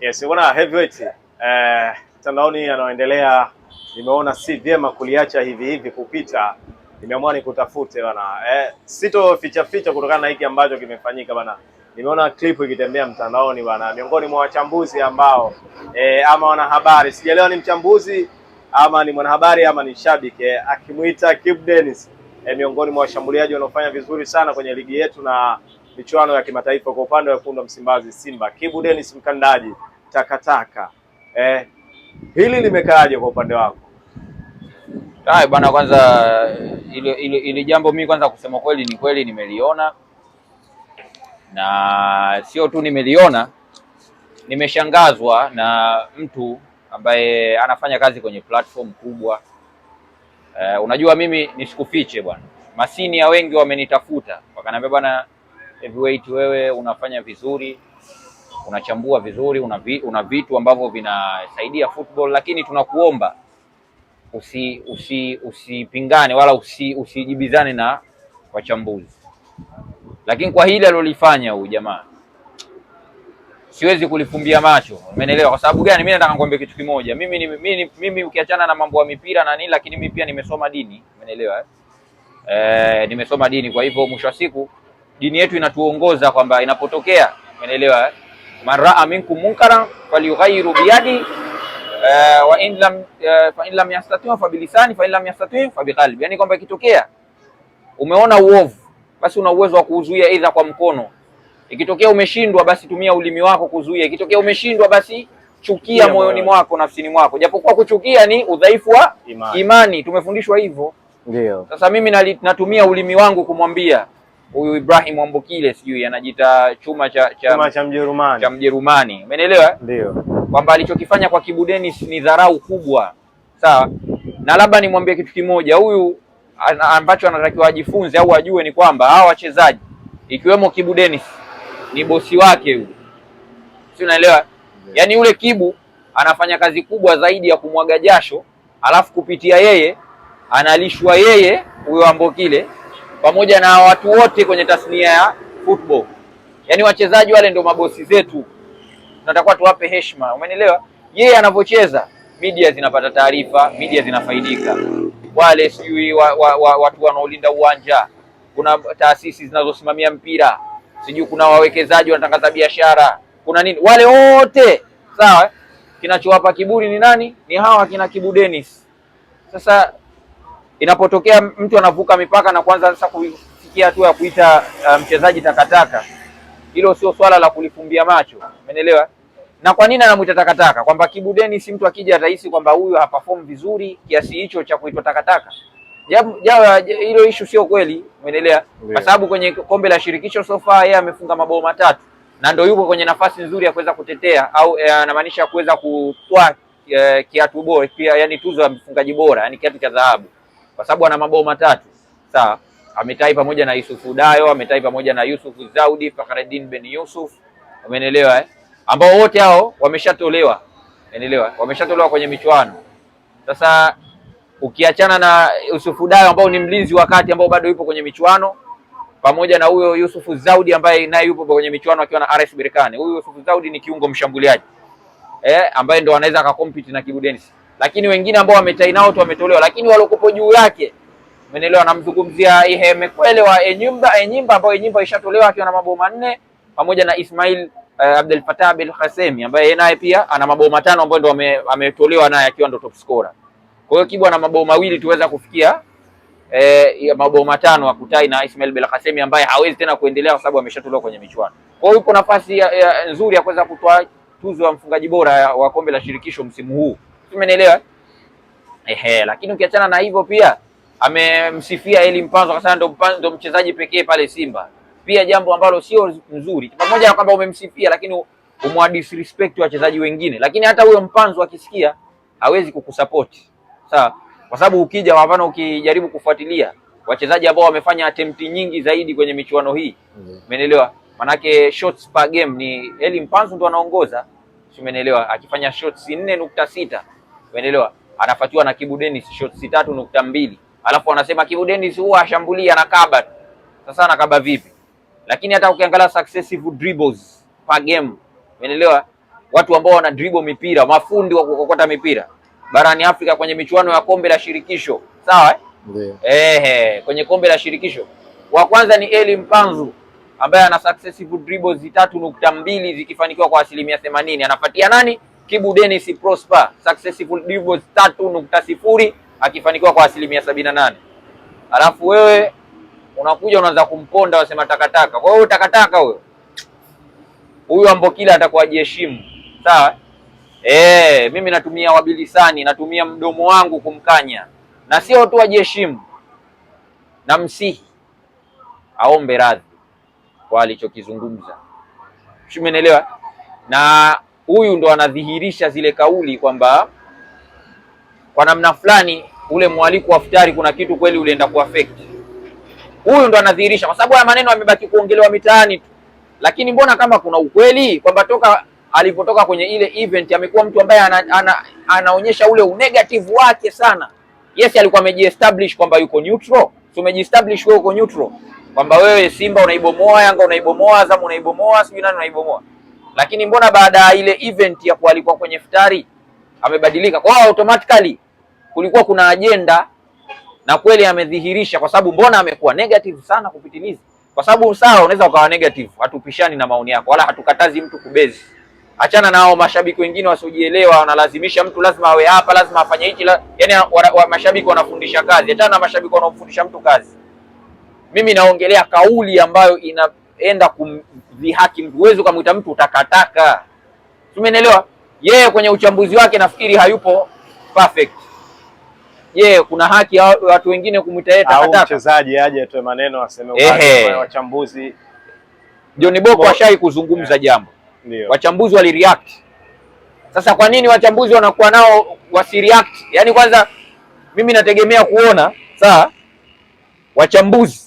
Yes, bwana Heavyweight eh, mtandaoni yanayoendelea nimeona si vyema kuliacha hivi hivi kupita, nimeamua nikutafute bwana eh, sito ficha ficha kutokana na hiki ambacho kimefanyika bwana. Nimeona clip ikitembea mtandaoni bwana, miongoni mwa wachambuzi ambao eh, ama wanahabari, sijaelewa ni mchambuzi ama ni mwanahabari ama ni shabiki eh, akimwita Kibu eh, miongoni mwa washambuliaji wanaofanya vizuri sana kwenye ligi yetu na michuano ya kimataifa kwa upande wa wekundu wa Msimbazi Simba, Kibu Dennis mkandaji takataka eh, hili limekaaje kwa upande wako? Hai bwana, kwanza ili jambo mimi kwanza kusema kweli ni kweli nimeliona, na sio tu nimeliona, nimeshangazwa na mtu ambaye anafanya kazi kwenye platform kubwa. Uh, unajua mimi nisikufiche bwana, masinia wengi wamenitafuta wakaniambia bwana Heavyweight wewe unafanya vizuri, unachambua vizuri, una, vi, una vitu ambavyo vinasaidia football, lakini tunakuomba usi usi usipingane wala usi usijibizane na wachambuzi. Lakini kwa hili alolifanya huyu jamaa siwezi kulifumbia macho, umeelewa? Kwa sababu gani? Mimi nataka nikwambie kitu kimoja, mimi, ni, mimi, mimi ukiachana na mambo ya mipira na nini, lakini mimi pia nimesoma dini, umeelewa eh? E, nimesoma dini, kwa hivyo mwisho wa siku dini yetu inatuongoza kwamba inapotokea, umeelewa, eh? man raa minkum munkaran falyughayyiru biyadi eh, wa in lam eh, fa in lam yastati fa bilisani fa in lam yastati fa biqalbi, yani kwamba ikitokea umeona uovu, basi una uwezo wa kuuzuia aidha kwa mkono. Ikitokea umeshindwa, basi tumia ulimi wako kuzuia. Ikitokea umeshindwa, basi chukia moyoni mwako, nafsini mwako, japokuwa kuchukia ni udhaifu wa imani, imani. Tumefundishwa hivyo, ndio sasa mimi natumia ulimi wangu kumwambia huyu Ibrahim Wambukile sijui anajita chuma cha cha, chuma cha Mjerumani cha Mjerumani, umeelewa? Ndio kwamba alichokifanya kwa Kibu Dennis ni dharau kubwa, sawa. Na labda nimwambie kitu kimoja huyu ambacho anatakiwa ajifunze au ajue ni kwamba hawa wachezaji ikiwemo Kibu Dennis ni bosi wake huyu, si unaelewa? Yaani yule Kibu anafanya kazi kubwa zaidi ya kumwaga jasho, alafu kupitia yeye analishwa yeye huyo Ambokile pamoja na watu wote kwenye tasnia ya football. Yaani wachezaji wale ndio mabosi zetu, tunatakiwa tuwape heshima, umenielewa? Yeye anavyocheza media zinapata taarifa, media zinafaidika, wale sijui wa, wa, wa, watu wanaolinda uwanja, kuna taasisi zinazosimamia mpira, sijui kuna wawekezaji wanatangaza biashara, kuna nini, wale wote sawa. Kinachowapa kiburi ni nani? Ni hawa kina Kibu Dennis. Sasa Inapotokea mtu anavuka mipaka na kuanza sasa kufikia hatua ya kuita uh, mchezaji takataka, hilo sio swala la kulifumbia macho, umeelewa? Na kwa nini anamuita takataka? Kwamba Kibu Denis mtu akija atahisi kwamba huyu haperform vizuri kiasi hicho cha kuitwa takataka. jawa hilo ishu sio kweli, umeelewa? Kwa sababu kwenye kombe la shirikisho so far yeye amefunga mabao matatu na ndio yuko kwenye nafasi nzuri ya kuweza kutetea au eh, anamaanisha kuweza kutwaa eh, kiatu bora pia, yani tuzo ya mfungaji bora, yani kiatu cha dhahabu kwa sababu ana mabao matatu sawa. Ametai pamoja na Yusuf Dayo, ametai pamoja na yusuf Zaudi, Fakhreddin Ben Yusuf, umeelewa eh? ambao wote hao wameshatolewa, umeelewa, wameshatolewa kwenye michuano. Sasa ukiachana na Yusuf Dayo ambao ni mlinzi wa kati ambao bado yupo kwenye michuano pamoja na huyo Yusuf Zaudi ambaye naye yupo kwenye michuano akiwa na RS Berkane. Huyu Yusuf Zaudi ni kiungo mshambuliaji eh, ambaye ndo anaweza akakompete na Kibu Denis lakini wengine ambao wametain out wametolewa, lakini walokupo juu yake, umeelewa? Namzungumzia Iheme Kwele wa Enyimba, Enyimba ambao Enyimba ishatolewa akiwa na mabao manne pamoja na Ismail uh, Abdel Fattah Abel Khasemi ambaye yeye naye pia ana mabao matano ambayo ndio ametolewa naye akiwa ndio top scorer. Kwa hiyo Kibwa ana mabao mawili tuweza kufikia eh, mabao matano akutai na Ismail Abel Khasemi ambaye hawezi tena kuendelea kwa sababu ameshatolewa kwenye michuano. Kwa hiyo yupo nafasi nzuri ya kuweza kutoa tuzo ya mfungaji bora wa kombe la shirikisho msimu huu. Umenielewa? Ehe, lakini ukiachana na hivyo pia amemsifia Eli Mpanzo akasema ndo, ndo mchezaji pekee pale Simba, pia jambo ambalo sio nzuri, pamoja na kwamba umemsifia lakini umwa disrespect wachezaji wengine. Lakini hata huyo Mpanzo akisikia hawezi kukusupport sawa, kwa sababu ukija wapana, ukijaribu kufuatilia wachezaji ambao wamefanya attempt nyingi zaidi kwenye michuano hii umeelewa? mm -hmm. Manake shots per game ni Eli Mpanzo ndo anaongoza, umeelewa, akifanya shots 4.6 umeelewa? Anafuatiwa na Kibu Dennis shots tatu nukta mbili alafu anasema Kibu Dennis huwa ashambulia na kaba. Sasa anakaba vipi? Lakini hata ukiangalia successive dribbles per game, umeelewa? Watu ambao wana dribble mipira, mafundi wa kukokota mipira barani Afrika kwenye michuano ya kombe la shirikisho, sawa eh? Ehe, kwenye kombe la shirikisho wa kwanza ni Eli Mpanzu ambaye ana successive dribbles tatu nukta mbili zikifanikiwa kwa asilimia themanini. Anafuatia nani? Kibu Dennis Prosper successful dribbles 3.0 akifanikiwa kwa asilimia sabini na nane. Alafu wewe unakuja unaanza kumponda wasema takataka. Kwa hiyo takataka huyo huyu ambo kila atakuwa jiheshimu, sawa eh? Mimi natumia wabilisani, natumia mdomo wangu kumkanya, na sio tu ajiheshimu, na msihi aombe radhi kwa alichokizungumza, umenielewa na huyu ndo anadhihirisha zile kauli kwamba kwa namna fulani ule mwaliko wa futari kuna kitu kweli ulienda kuaffect. Huyu ndo anadhihirisha, kwa sababu haya maneno yamebaki kuongelewa mitaani tu, lakini mbona kama kuna ukweli kwamba toka alipotoka kwenye ile event amekuwa mtu ambaye ana, ana, anaonyesha ule unegative wake sana. Yes, alikuwa amejiestablish kwamba yuko neutral, so umejiestablish wewe uko neutral kwamba wewe Simba unaibomoa, Yanga unaibomoa, Azam unaibomoa, sijui nani unaibomoa lakini mbona baada ya ile event ya kualikwa kwenye ftari amebadilika? Kwa hiyo automatically kulikuwa kuna ajenda, na kweli amedhihirisha, kwa sababu mbona amekuwa negative sana kupitiliza. Kwa sababu sawa, unaweza ukawa negative, hatupishani na maoni yako wala hatukatazi mtu kubezi. Achana nao mashabiki wengine wasiojielewa, wanalazimisha mtu lazima awe hapa, lazima afanye hichi la... yani wa, wa, mashabiki wanafundisha kazi. Achana na mashabiki wanaofundisha mtu kazi. Mimi naongelea kauli ambayo ina enda kumdhihaki mtu, huwezi ukamwita mtu utakataka Tumenielewa? Yeye kwenye uchambuzi wake nafikiri hayupo perfect. Je, kuna haki ya watu wengine kumwita yeye takataka? mchezaji aje atoe maneno aseme wachambuzi. John Boko ashai kuzungumza yeah, jambo Ndiyo. Wachambuzi walireact. Sasa kwa nini wachambuzi wanakuwa nao wasireact? Yaani kwanza mimi nategemea kuona saa wachambuzi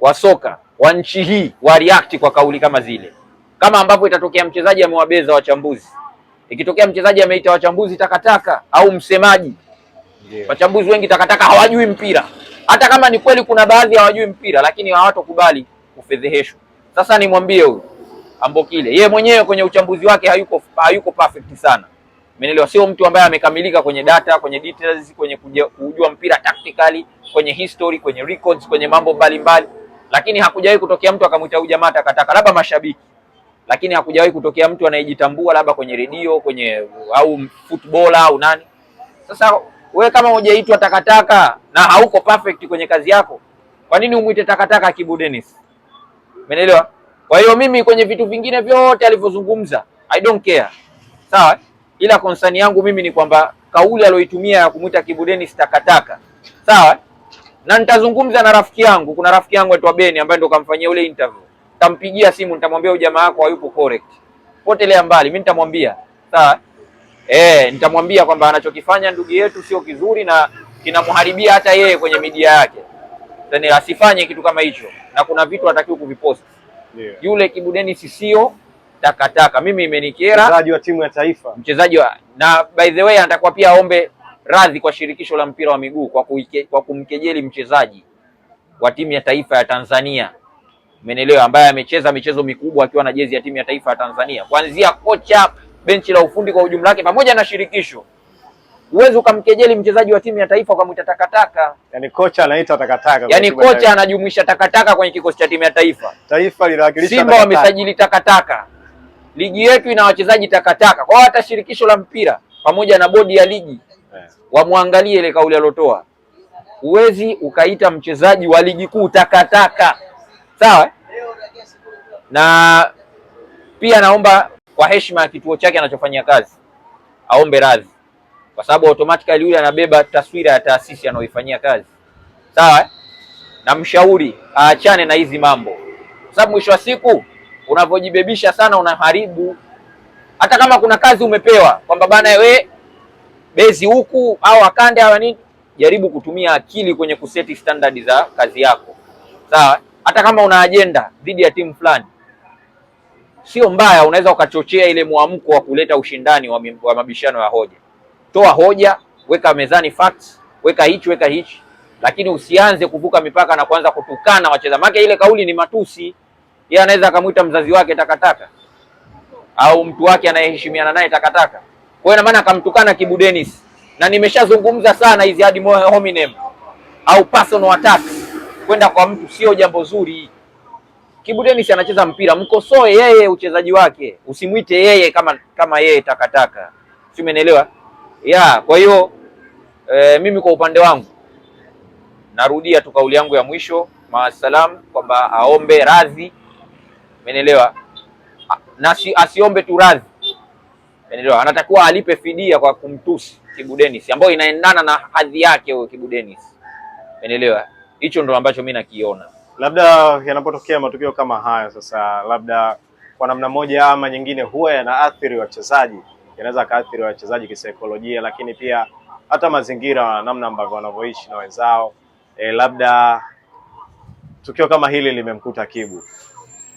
wa soka wa nchi hii wa react kwa kauli kama zile, kama ambapo itatokea mchezaji amewabeza wachambuzi, ikitokea mchezaji ameita wachambuzi takataka au msemaji yeah. Wachambuzi wengi takataka, hawajui mpira. Hata kama ni kweli kuna baadhi hawajui mpira, lakini hawatokubali kufedheheshwa. Sasa nimwambie huyu Ambokile, yeye mwenyewe kwenye uchambuzi wake hayuko hayuko perfect sana, umeelewa? Sio mtu ambaye amekamilika kwenye data, kwenye details, kwenye kujua mpira tactically, kwenye history, kwenye records, kwenye mambo mbalimbali lakini hakujawahi kutokea mtu akamwita huyu jamaa takataka, labda mashabiki, lakini hakujawahi kutokea mtu anayejitambua labda kwenye redio kwenye au footballer au nani. Sasa we kama hujaitwa takataka na hauko perfect kwenye kazi yako, kwa nini umwite takataka Kibu Dennis? Umeelewa? Kwa hiyo mimi kwenye vitu vingine vyote alivyozungumza I don't care, sawa, ila concern yangu mimi ni kwamba kauli aliyoitumia ya kumwita Kibu Dennis takataka, sawa na nitazungumza na rafiki yangu. Kuna rafiki yangu aitwa Beni ambaye ndo kamfanyia ule interview, tampigia simu, nitamwambia huyu jamaa wako hayupo correct, potelea mbali. Mimi nitamwambia sawa, eh, nitamwambia kwamba anachokifanya ndugu yetu sio kizuri na kinamharibia hata yeye kwenye media yake, yani asifanye kitu kama hicho, na kuna vitu hatakiwi kuvipost yeah. Yule Kibudeni sisio takataka, mimi imenikera, mchezaji wa timu ya taifa, mchezaji wa na by the way, anatakuwa pia aombe radhi kwa shirikisho la mpira wa miguu kwa, kwa kumkejeli mchezaji wa timu ya taifa ya Tanzania menelewa, ambaye amecheza michezo mikubwa akiwa na jezi ya timu ya taifa ya Tanzania, kuanzia kocha, benchi la ufundi kwa ujumla wake pamoja na shirikisho. Huwezi ukamkejeli mchezaji wa timu ya taifa ukamwita takataka. Yani kocha anaita takataka, yani kocha anajumuisha takataka kwenye kikosi cha timu ya taifa. Taifa linawakilisha Simba, wamesajili takataka, ligi yetu ina wachezaji takataka. Kwa hiyo hata shirikisho la mpira pamoja na bodi ya ligi wamwangalie ile kauli alotoa. Huwezi ukaita mchezaji wa ligi kuu takataka, sawa. Na pia naomba kwa heshima ya kituo chake anachofanyia kazi aombe radhi, kwa sababu automatically yule anabeba taswira ya taasisi anayoifanyia kazi, sawa. Eh? Na mshauri aachane na hizi mambo, kwa sababu mwisho wa siku unavyojibebisha sana unaharibu. Hata kama kuna kazi umepewa kwamba bana wewe bezi huku au akande hawa nini, jaribu kutumia akili kwenye kuseti standard za kazi yako, sawa. Hata kama una ajenda dhidi ya timu fulani, sio mbaya, unaweza ukachochea ile mwamko wa kuleta ushindani wa, wa mabishano ya hoja. Toa hoja, weka mezani facts, weka hichi, weka hichi, lakini usianze kuvuka mipaka na kuanza kutukana wacheza, maana ile kauli ni matusi. Yeye anaweza akamwita mzazi wake takataka au mtu wake anayeheshimiana naye takataka. Kwa hiyo ina maana akamtukana Kibu Dennis, na nimeshazungumza sana hizi ad hominem au personal attacks kwenda kwa mtu sio jambo zuri. Kibu Dennis anacheza mpira, mkosoe yeye uchezaji wake, usimwite yeye kama kama yeye takataka, si umeelewa? Ya, kwa hiyo e, mimi kwa upande wangu narudia tu kauli yangu ya mwisho maasalam, kwamba aombe radhi, umeelewa, na asiombe tu radhi Umeelewa? Anatakuwa alipe fidia kwa kumtusi Kibu Denis, ambayo inaendana na hadhi yake huyo Kibu Denis. Umeelewa? Hicho ndo ambacho mimi nakiona, labda yanapotokea matukio kama haya sasa, labda kwa namna moja ama nyingine, huwa yanaathiri wachezaji, yanaweza kaathiri wachezaji kisaikolojia, lakini pia hata mazingira, namna ambavyo wanavyoishi na wenzao. E, labda tukio kama hili limemkuta Kibu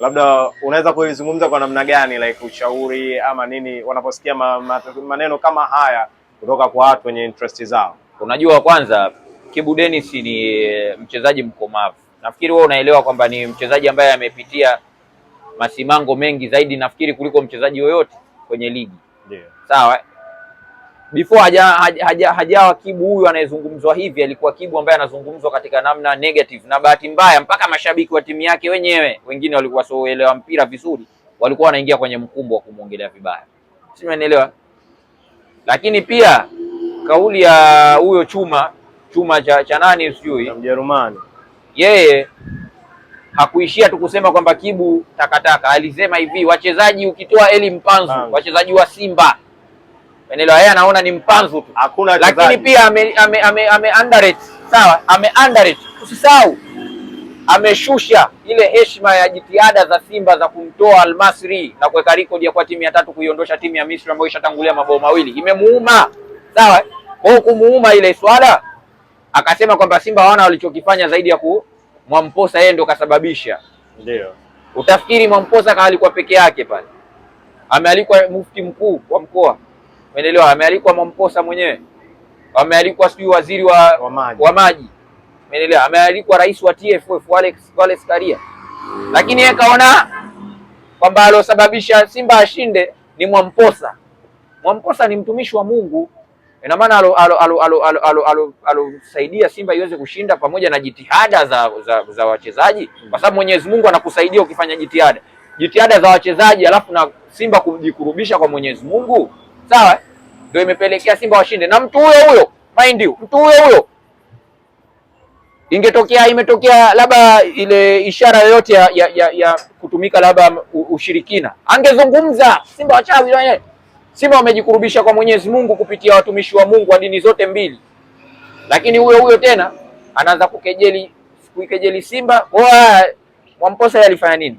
labda unaweza kuizungumza kwa namna gani, like ushauri ama nini wanaposikia ma, ma, maneno kama haya kutoka kwa watu wenye interest zao? Unajua, kwanza Kibu Dennis ni eh, mchezaji mkomavu. Nafikiri wewe unaelewa kwamba ni mchezaji ambaye amepitia masimango mengi zaidi nafikiri kuliko mchezaji yoyote kwenye ligi. yeah. Sawa before hajawa haja, haja, haja Kibu huyu anayezungumzwa hivi alikuwa Kibu ambaye anazungumzwa katika namna negative, na bahati mbaya mpaka mashabiki wa timu yake wenyewe wengine walikuwa sioelewa mpira vizuri, walikuwa wanaingia kwenye mkumbo wa kumwongelea vibaya, si umeelewa? Lakini pia kauli ya huyo chuma chuma cha, cha nani sijui Mjerumani, yeye hakuishia tu kusema kwamba Kibu takataka, alisema hivi wachezaji, ukitoa Eli Mpanzu wachezaji wa Simba Menelo haya anaona ni mpanzu tu. Hakuna lakini pia ame ame, ame, ame underrate. Sawa, ame underrate. Usisahau ameshusha ile heshima ya jitihada za Simba za kumtoa Almasri na kuweka rekodi ya kuwa timu ya tatu kuiondosha timu ya Misri ambayo ishatangulia mabao mawili, imemuuma. Sawa, kwa kumuuma ile swala akasema kwamba Simba hawana walichokifanya zaidi ya ku Mwamposa, yeye ndo kasababisha. Ndio utafikiri Mwamposa kaalikuwa peke yake pale, amealikwa mufti mkuu wa mkoa umeelewa? Amealikwa Mamposa mwenyewe, amealikwa sijui waziri wa, wa maji, wa maji. Umeelewa? Amealikwa rais wa TFF Alex Wallace Karia, lakini yeye kaona kwamba alosababisha Simba ashinde ni Mwamposa. Mwamposa ni mtumishi wa Mungu, ina maana alosaidia Simba iweze kushinda pamoja na jitihada za za, za wachezaji, kwa sababu Mwenyezi Mungu anakusaidia ukifanya jitihada jitihada za wachezaji, alafu na Simba kujikurubisha kwa Mwenyezi Mungu, sawa ndio imepelekea Simba washinde, na mtu huyo huyo mind you, mtu huyo huyo ingetokea imetokea labda ile ishara yoyote ya, ya, ya, ya kutumika labda ushirikina, angezungumza Simba wachawi wenyewe. Simba wamejikurubisha kwa Mwenyezi Mungu kupitia watumishi wa Mungu wa dini zote mbili, lakini huyo huyo tena anaanza kukejeli kuikejeli Simba. Mwamposa alifanya nini?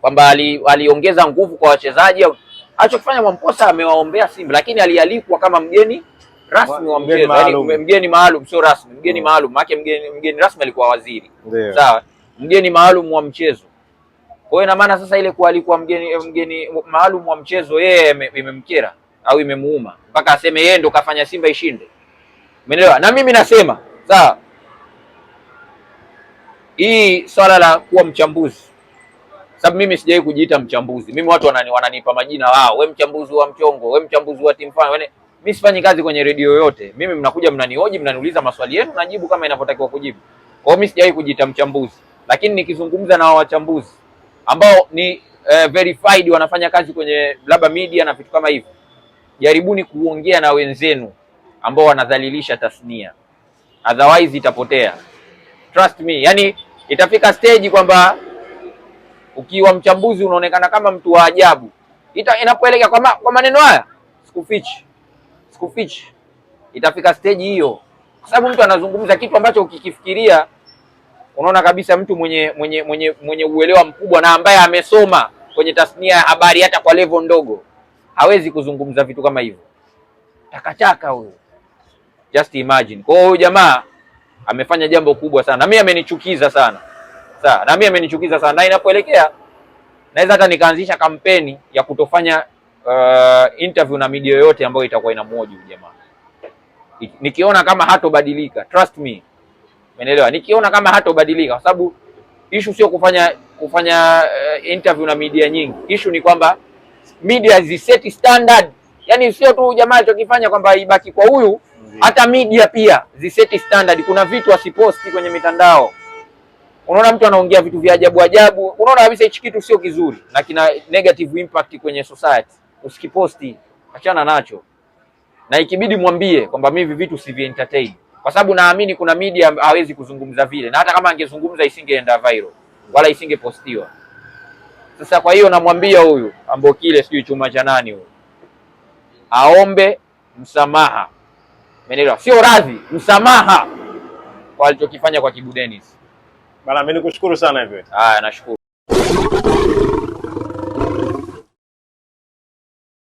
Kwamba aliongeza nguvu kwa wachezaji alichokifanya Mwamposa amewaombea Simba, lakini alialikwa kama mgeni rasmi wa mchezo, Yani, mgeni maalum, sio rasmi, mgeni mm. maalum. Maana mgeni mgeni rasmi alikuwa waziri, sawa, mgeni maalum wa mchezo. Kwa hiyo ina maana sasa ile kualikwa mgeni mgeni maalum wa mchezo yeye imemkera au imemuuma mpaka aseme yeye ndo kafanya Simba ishinde, umeelewa? Na mimi nasema sawa, hii swala la kuwa mchambuzi sababu mimi sijawahi kujiita mchambuzi. Mimi watu wanani, wananipa majina wao, ah, we mchambuzi wa mchongo, we mchambuzi wa timu fulani. Yaani, mimi sifanyi kazi kwenye redio yoyote. Mimi mnakuja mnanihoji, mnaniuliza maswali yenu, najibu kama inavyotakiwa kujibu. Kwa hiyo mimi sijawahi kujiita mchambuzi, lakini nikizungumza na wachambuzi ambao ni eh, verified wanafanya kazi kwenye labda media na vitu kama hivyo, jaribuni kuongea na wenzenu ambao wanadhalilisha tasnia, otherwise itapotea. Trust me, yani itafika stage kwamba ukiwa mchambuzi unaonekana kama mtu wa ajabu. Ita inapoelekea kwa, ma, kwa maneno haya sikufichi, sikufichi, itafika stage hiyo, kwa sababu mtu anazungumza kitu ambacho ukikifikiria unaona kabisa mtu mwenye mwenye mwenye mwenye uelewa mkubwa na ambaye amesoma kwenye tasnia ya habari hata kwa level ndogo hawezi kuzungumza vitu kama hivyo. Takataka huyo, just imagine. Kwa hiyo huyu jamaa amefanya jambo kubwa sana, na mimi amenichukiza sana sawa, na mimi amenichukiza sana, na inapoelekea naweza hata nikaanzisha kampeni ya kutofanya uh, interview na media yoyote ambayo itakuwa inamhoji jamaa, nikiona kama hatobadilika, trust me, umeelewa? Nikiona kama hatobadilika, kwa sababu issue sio kufanya kufanya uh, interview na media nyingi. Issue ni kwamba media ziseti standard, yani sio tu jamaa alichokifanya kwamba ibaki kwa huyu, hata media pia ziseti standard. Kuna vitu asiposti kwenye mitandao unaona mtu anaongea vitu vya ajabu ajabu, unaona kabisa hichi kitu sio kizuri na kina negative impact kwenye society. Usikiposti, achana nacho, na ikibidi mwambie kwamba mimi hivi vitu sivi entertain, kwa sababu naamini kuna media hawezi kuzungumza vile, na hata kama angezungumza isingeenda viral wala isingepostiwa. Sasa kwa hiyo namwambia huyu Ambokile, sijui chuma cha nani huyu, aombe msamaha, menelewa, Sio radhi, msamaha kwa alichokifanya kwa Kibu Denis. Bana, mimi nikushukuru sana hivyo. Haya, nashukuru.